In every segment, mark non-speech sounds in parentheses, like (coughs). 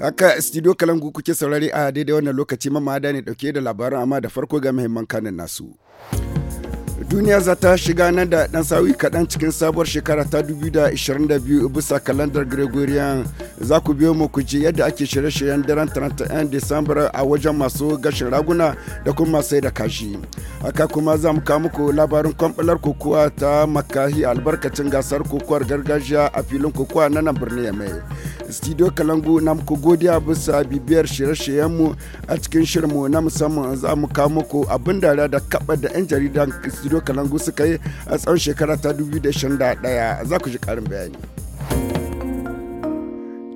Haka studio kalangu kuke saurari a daidai wannan lokaci mamada ne dauke da labaran amma da farko ga muhimman kanin nasu. duniya za ta shiga nan da ɗan sawi kaɗan cikin sabuwar shekara ta 2022 bisa kalandar gregorian za ku biyo mu ku ji yadda ake shirye-shiryen daren 31 disambar a wajen masu gashin raguna da kuma sai da kashi haka kuma za mu kawo muku labarin kwamfalar kokowa ta makahi albarkacin gasar kokowar gargajiya a filin kokowa na nan birnin yamai studio kalangu na muku godiya bisa bibiyar shirye-shiryenmu a cikin shirinmu na musamman za mu kawo muku abin da da kaba da 'yan jaridan studio kalangu suka yi a tsawon shekara ta 2021 za ku ji karin bayani.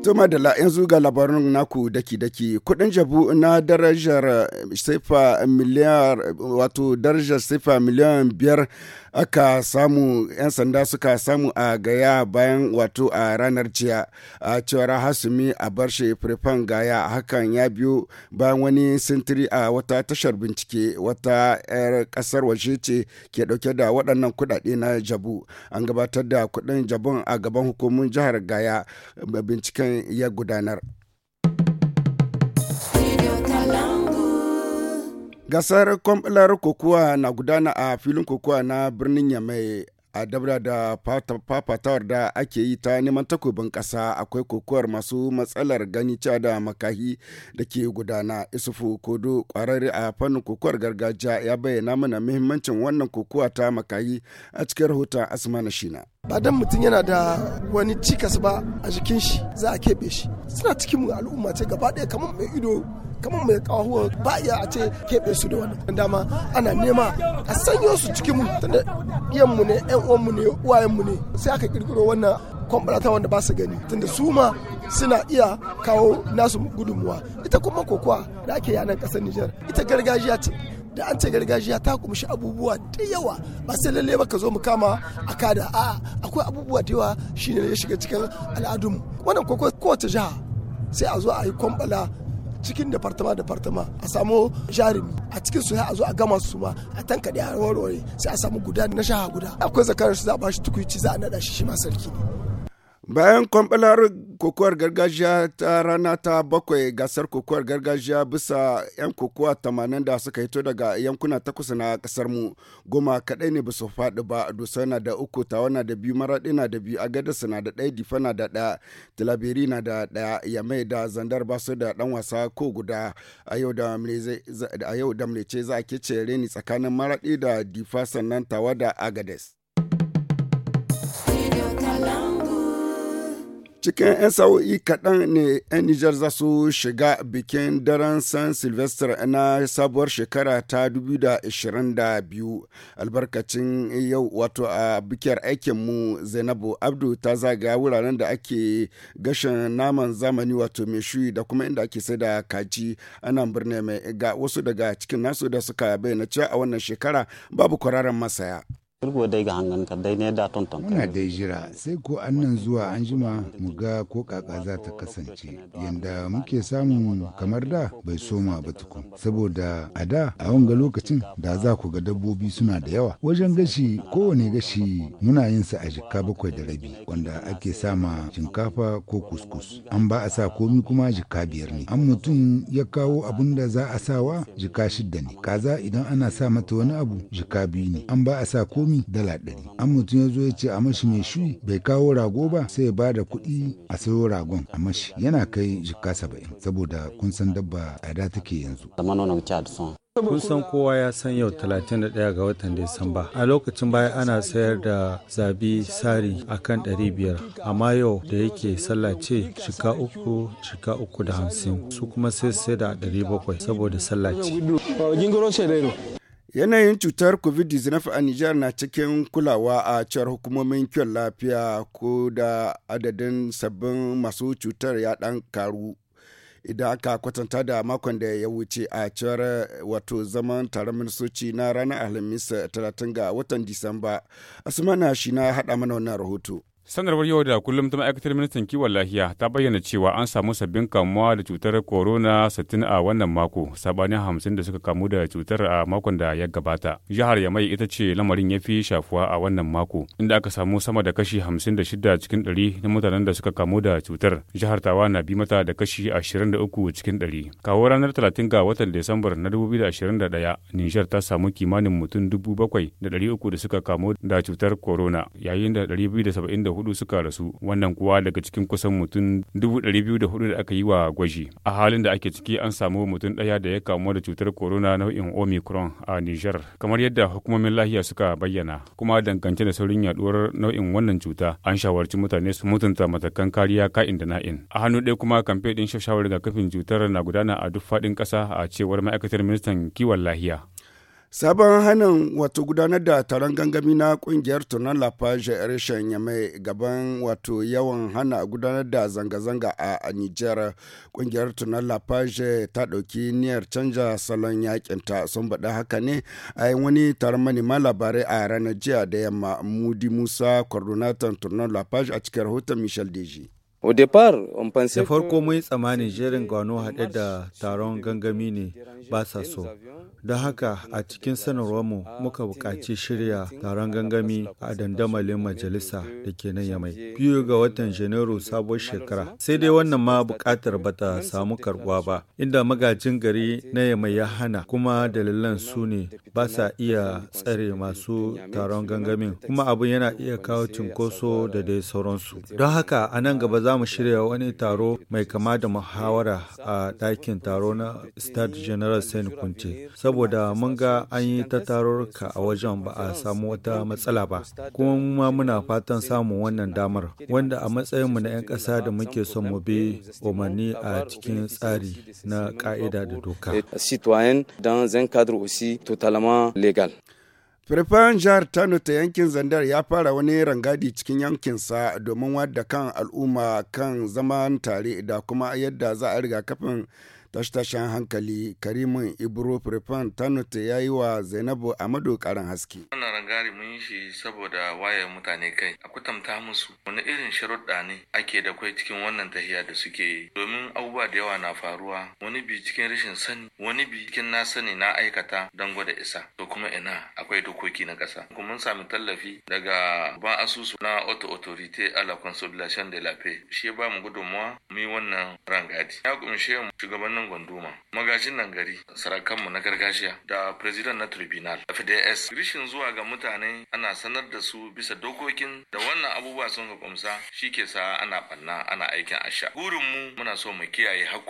Tuma da yanzu ga labarin naku daki-daki kudin jabu na darajar sifa miliyar wato darajar sifa miliyan biyar aka samu 'yan sanda suka samu a gaya bayan wato a ranar jiya a cewar hasumi a barshe firfan gaya hakan ya biyo bayan wani sintiri a wata tashar bincike wata 'yar kasar waje ce ke dauke da waɗannan kuɗaɗe na jabu an gabatar da kuɗin jabun a gaban hukumin jihar gaya binciken ya gudanar. gasar kwamfular kokowa na gudana a filin kokowa na birnin yamai a dabra da fafatawar da ake yi ta neman takobin kasa akwai kokowar masu matsalar gani cewa da makahi da ke gudana isufu kodo kwararre a fannin kokowar gargajiya ya bayyana mana muhimmancin wannan kokowa ta makahi a cikin rahoton asma na shina ba dan mutum yana da wani cikas ba a jikin shi za a keɓe shi suna cikin al'umma ce gaba ɗaya kamar mai ido kamar mai kawo ba iya a ce keɓe su da wannan dama ana nema a sanyo su cikin mu tunda mu ne yan mu ne mu ne sai aka kirkiro wannan kwambalata wanda ba su gani tunda su ma suna iya kawo nasu gudunmuwa ita kuma kokowa da ake yanar ƙasar Nijar ita gargajiya ce da an ce gargajiya ta kumshi abubuwa da yawa ba sai lalle ba ka zo mu kama a kada a akwai abubuwa da yawa shine ya shiga cikin al'adun wannan ko kowace jiha sai a zo a yi kwambala cikin departama departama a samu jarumi a cikin su a zo a gama su ma a tanka a warware sai a samu guda na shaha guda akwai zakarar su za a bashi tukuici za a naɗa shi shi ma sarki ne bayan kwambalar kokowar gargajiya ta rana ta bakwai gasar kokowar gargajiya bisa 'yan kokowa tamanin da suka hito daga yankuna takwas na kasar mu goma kadai ne basu faɗi ba dusa na da uku tawa na da biyu maraɗi na da biyu agadis na da ɗaya difa na da ɗaya tilaberi na da ɗaya yamai da zandar basu da ɗan wasa ko guda a yau da a za a kece reni tsakanin maraɗi da difa sannan tawa da agades. Cikin 'yan sa'o'i kaɗan ne 'yan Nijar za su shiga bikin daren San Sylvester na sabuwar shekara ta 2022 albarkacin yau wato a bikiyar aikinmu Zainabu Abdu ta zaga wuraren da ake gashin naman zamani wato mai shuyi da kuma inda ake sai da kaji a nan birnin mai ga wasu daga cikin nasu da suka bayyana cewa a wannan shekara babu kwararan masaya. Turgo dai ga hangan ka dai ne da tonton. Muna dai jira sai ko annan zuwa an jima mu ga ko kaka za ta kasance. Yanda muke samun kamar da bai soma ba tukun. Saboda a da a wanga lokacin da za ku ga dabbobi suna da yawa. Wajen gashi kowane gashi muna yin sa a jikka bakwai da rabi wanda ake sama shinkafa ko kuskus. An ba a sa komi kuma jikka biyar ne. An mutum ya kawo abun da za a sawa jikka shidda ne. Kaza idan ana sa mata wani abu jikka biyu ne. An ba a sa komi komi dala ɗari an mutum ya zo ya ce a mashi mai shu bai kawo rago ba sai ya ba da kuɗi a sayo ragon a mashi yana kai jikka saba'in saboda kun san dabba a da take yanzu kun san kowa ya san yau 31 ga watan Disamba. A lokacin baya ana sayar da zabi sari a kan 500, amma yau da yake sallace shika uku shika uku da hamsin su kuma sai sai da 700 saboda sallace Yanayin cutar COVID-19 a Nijar na cikin kulawa a cewar hukumomin kyan lafiya ko da adadin sabbin masu cutar ya dan karu idan aka kwatanta da makon da ya wuce a cewar wato zaman taron ministoci na ranar alhamis 30 ga watan disamba asmana shi na hada mana wannan rahoto sanarwar yau da kullum ta ma'aikatar ministan kiwon lafiya ta bayyana cewa an samu sabbin kamuwa da cutar corona 60 a wannan mako sabanin hamsin da suka kamu da cutar a makon da ya gabata jihar yamai ita ce lamarin ya fi shafuwa a wannan mako inda aka samu sama da kashi 56 cikin 100 na mutanen da suka kamu da cutar jihar tawa na bi mata da kashi 23 cikin 100 kawo ranar 30 ga watan disambar na 2021 nijar ta samu kimanin mutum 7,300 da suka kamu da cutar corona yayin da 274 hudu suka rasu wannan kuwa daga cikin kusan mutum dubu ɗari biyu da hudu da aka yi wa gwaji a halin da ake ciki an samu mutum ɗaya da ya kamu da cutar corona nau'in omicron a niger kamar yadda hukumomin lahiya suka bayyana kuma dangance da saurin yaduwar nau'in wannan cuta an shawarci mutane su mutunta matakan kariya ka'in da na'in a hannu ɗaya kuma kamfe ɗin ga kafin cutar na gudana a duk faɗin ƙasa a cewar ma'aikatar ministan kiwon lahiya Sabon hanin wato gudanar da taron gangami na kungiyar tunan lafashe reshen ya gaban wato yawan hana gudanar da zanga-zanga a Nijar. Kungiyar tunan lafashe ta dauki niyar canja salon ta sun bada haka ne a yi wani taron manema labarai a ranar jiya da yamma Mudi Musa, coordinator tunan lafashe a cikin rahoton Michel Deji. Da farko mun tsamanin jerin gano haɗe da taron gangami ne ba sa so. Don haka a cikin mu muka buƙaci shirya taron gangami a dandamalin majalisa da ke nan yamai. Biyu ga watan Janairu sabuwar shekara. Sai dai wannan ma buƙatar ba ta samu karɓuwa ba. Inda magajin gari na yamai ya hana kuma dalilan su ne ba sa iya tsare masu taron gangamin. Kuma abin yana iya kawo cinkoso da dai sauransu. Don haka a nan gaba za mu shirya wani taro mai kama da muhawara a ɗakin taro na state General saint Kunce, saboda mun ga an yi ta tarurruka a wajen ba a samu wata matsala ba. Kuma ma muna fatan samun wannan damar, wanda a matsayinmu na 'yan ƙasa da muke son mu bi umarni a cikin tsari na ƙa'ida da doka. firfan jihar Tano ta yankin Zandar ya fara wani rangadi cikin yankinsa domin wadda kan al'umma kan zaman tare da kuma yadda za a riga kafin tashe hankali karimin ibro prefan tanuta ya yi wa zainabu amadu karin haske wannan rangari mun yi shi saboda wayar mutane kai a kutamta musu wani irin sharuɗa ne ake da kwai cikin wannan tahiya da suke yi domin abubuwa da yawa na faruwa wani bi cikin rashin sani wani bi cikin na sani na aikata don gwada isa to kuma ina akwai dokoki na ƙasa kuma mun sami tallafi daga ban asusu na auto autorite à la consolidation de la paix shi ba mu gudunmawa mu yi wannan rangadi ya kunshe mu shugabannin nan gwanduma magajin nan gari sarakanmu na gargajiya da president na tribunal fds rishin zuwa ga mutane ana sanar da su bisa dokokin da wannan abubuwa sun ga kumsa shi ke sa ana banna ana aikin asha burin mu muna so mu kiyaye har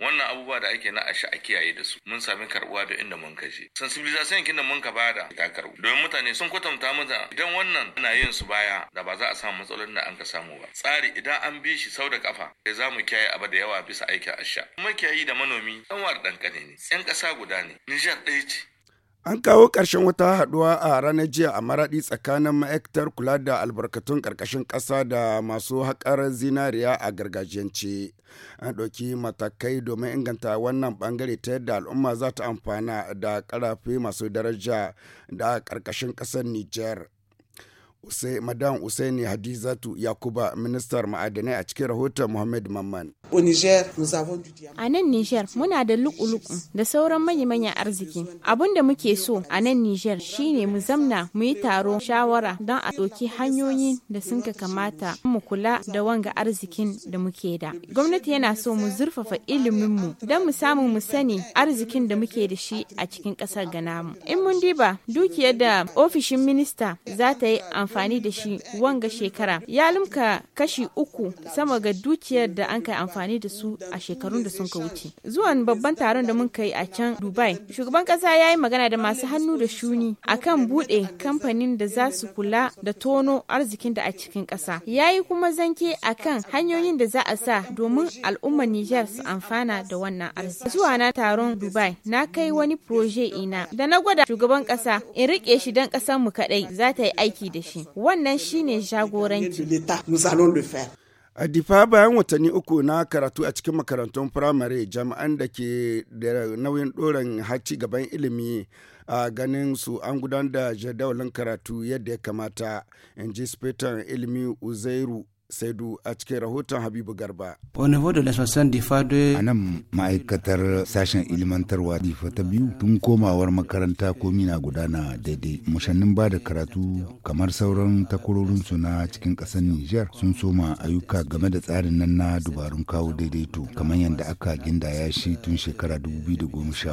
wannan abubuwa da ake na asha a kiyaye da su mun sami karbuwa da inda mun kashe sensibilization kin da mun ka bada ta karbu domin mutane sun kwatanta da. idan wannan ana yin su baya da ba za a samu matsalolin da an ka samu ba tsari idan an bi shi sau da kafa sai za mu kiyaye abu da yawa bisa aikin asha kuma kiyayi da manomi ɗan ƙane ne yan ƙasa guda ne nijar ɗaya ce An kawo ƙarshen wata haɗuwa a ranar jiya a maraɗi tsakanin ma'aikatar kula da albarkatun ƙarƙashin ƙasa da masu haƙar zinariya a gargajiyance. An ɗauki matakai domin inganta wannan ɓangare ta yadda al'umma za ta amfana da ƙarafe masu daraja da ƙarƙashin ƙasar Nijar. Madam Usaini Hadizatu Yakuba ministar ma'adanai a cikin rahoton Muhammad Mamman. A nan Nijar muna da luƙu-luƙu da sauran manya-manyan arziki. Abin da muke so a nan Nijar shine mu zamna mu yi taro shawara don a ɗauki hanyoyin da sun ka kamata mu kula da wanga arzikin da muke da. Gwamnati yana so mu zurfafa iliminmu don mu samu mu sani arzikin da muke da shi a cikin ƙasar Ganamu. In mun diba dukiyar da ofishin minista za ta yi amfani amfani da shi wanga shekara ya limka kashi uku sama ga dukiyar da an kai amfani da su a shekarun da sun ka wuce. Zuwan babban taron da mun kai a can Dubai, shugaban kasa ya yi magana da masu hannu da shuni akan bude kamfanin da za su kula da tono arzikin da a cikin kasa. Ya yi kuma zanke akan hanyoyin da za a sa domin al'ummar Nijar su amfana da wannan arziki. Zuwa na taron Dubai na kai wani proje ina da na gwada shugaban kasa in riƙe shi don ƙasar mu kadai za ta yi aiki da shi. wannan shine jagoranci a difa bayan watanni uku na karatu a cikin makarantun firamare jami'an da ke da nauyin doron haci gaban ilimi a ganin su an gudanar da jadawalin karatu yadda ya kamata in ji ilimi uzairu Saidu a cikin rahoton Habibu Garba. A nan ma'aikatar sashen ilimantarwa difa ta biyu tun komawar makaranta komi na gudana daidai. Mushannin ba da karatu kamar sauran takwarorinsu na cikin ƙasar Nijar sun soma ayyuka game da tsarin nan na dubarun kawo daidaito kamar yadda aka gindaya shi tun shekara da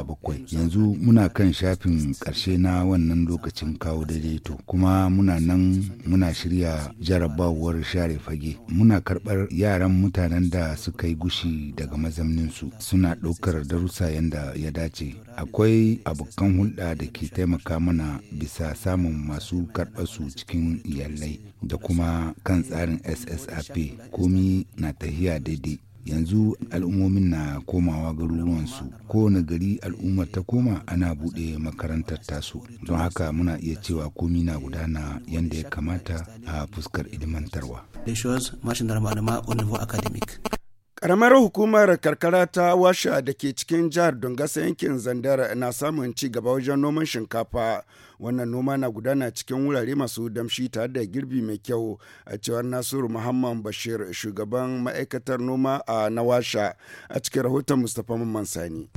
bakwai. Yanzu muna kan shafin karshe na wannan lokacin kawo daidaito kuma muna nan muna shirya jarabawar share fage rage muna karɓar yaran mutanen da suka yi gushi daga mazamninsu suna ɗaukar darussa yadda ya dace akwai abokan hulɗa da ke taimaka mana bisa samun masu karɓarsu cikin iyalai da kuma kan tsarin ssap komi na tahiya daidai yanzu al'ummomin na komawa garuruwansu kowane gari al'ummar ta koma ana buɗe makarantar tasu don haka muna iya cewa komi na gudana yadda ya kamata a fuskar ilimantarwa Karamar hukumar karkara ta washa da ke cikin jihar Dongasa yankin zandara na samun ci gaba wajen noman shinkafa wannan noma na gudana cikin wurare masu damshi tare da girbi mai kyau a cewar nasiru muhammad bashir shugaban ma'aikatar noma a nawasha a cikin rahoton mustapha mamman sani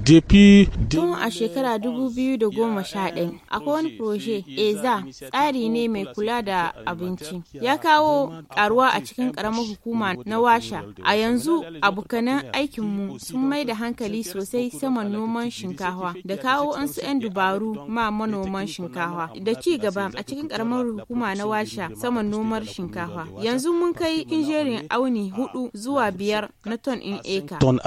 tun a shekara 2011 akwai wani proje eza tsari ne mai kula da abinci ya kawo karuwa a cikin karamar hukuma na washa a yanzu abokanan aikinmu sun mai da hankali sosai saman noman shinkawa da kawo an su 'yan dubaru ma manoman shinkawa shinkafa da ci gaba a cikin karamar hukuma na washa saman nomar shinkafa yanzu mun kai injerin auni hudu zuwa biyar na ton in eka ton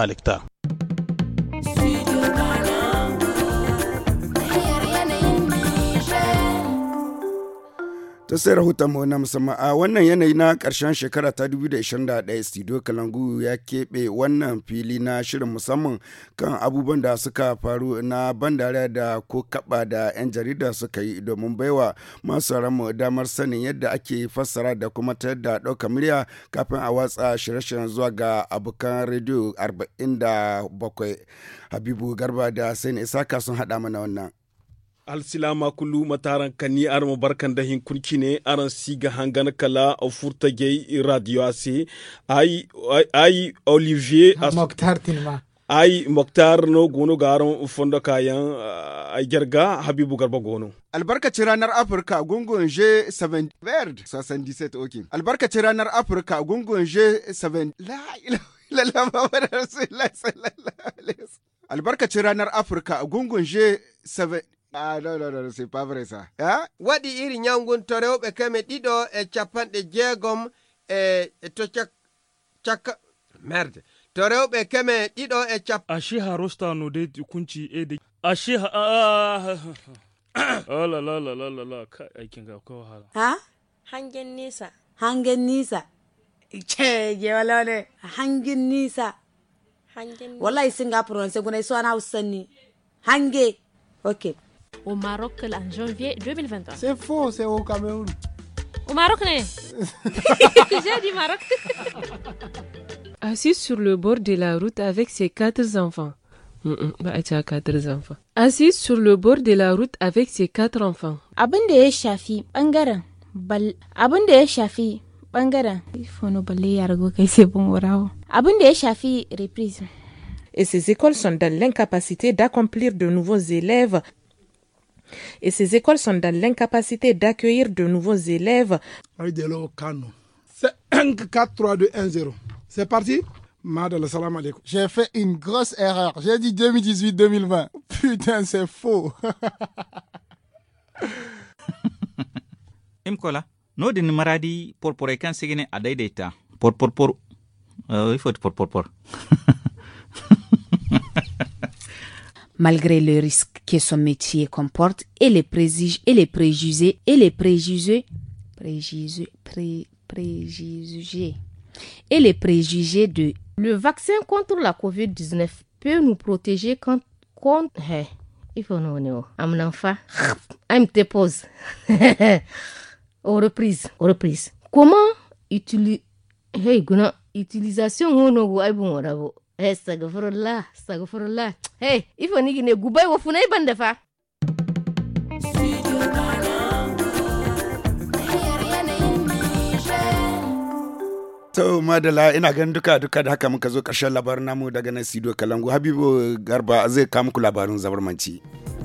ta sai rahoton mu na musamman a wannan yanayi na karshen shekara ta 2021 studio kalangu ya keɓe wannan fili na shirin musamman kan abubuwan da suka faru na bandare da ko kaba da 'yan jarida suka yi domin baiwa masu mu damar sanin yadda ake fassara da kuma ta yadda ɗaukar murya kafin a watsa shirye-shiryen zuwa ga abokan rediyo 47 habibu garba da sain isaka sun haɗa mana wannan alsilama kullu mataran kani arma barkan da ne aran siga hangana kala o furta gay radio ase ay ay olivier as moktar tinma ay moktar no gono garan fondo kayan a gerga habibu garba gono Albarkacin ranar Afirka gungun G7 Bird 77 okay. Albarkacin ranar Afirka gungun G7 la ilaha illallah Albarkacin ranar Afirka gungun G7 ah, no no no c'est pas vrai ça ha Wadi iri nyangun ñangunto rewɓe keme dido e capanɗe jegom e, e to chak, chak, merde to rewɓe keme dido e chap. ashi ha no de kunchi e de ashi ha ah, ah, ah, ah. (coughs) Oh, la la la la la ka aikin ga ko hala ha hangen nisa hangen nisa che je wala ne hangen nisa hangen wallahi singa prononcer gunai so ana usanni hange okay au Maroc en janvier 2021. C'est faux, c'est au Cameroun. Au Maroc, non hein? (laughs) J'ai dit Maroc. (laughs) Assis sur le bord de la route avec ses mm, mm, bah, quatre enfants. Assis sur le bord de la route avec ses quatre enfants. Abonde, shafi Bangaran. bal shafi Bangaran. shafi reprise. Et ces écoles sont dans l'incapacité d'accomplir de nouveaux élèves et ces écoles sont dans l'incapacité d'accueillir de nouveaux élèves. C'est 1 4 3 2 1 0. C'est parti j'ai fait une grosse erreur. J'ai dit 2018-2020. Putain, c'est faux. (laughs) Imkola, nous pour pour maradi porpore kan sigine a daidaita. pour pour. Euh, il faut pour pour pour. (laughs) malgré le risque que son métier comporte et les préjugés et les préjugés et les préjugés et les préjugés de le vaccin contre la COVID-19 peut nous protéger quand contre hein, il faut nous hein. pose aux (laughs) reprises reprises comment utiliser utilisation hey ifo nigi ne gubai wo funai banda fa To madala ina gan duka duka da haka muka zo karshen labarin namu daga nan Sido Kalangu Habibu Garba zai kawo muku labarin zabarmanci.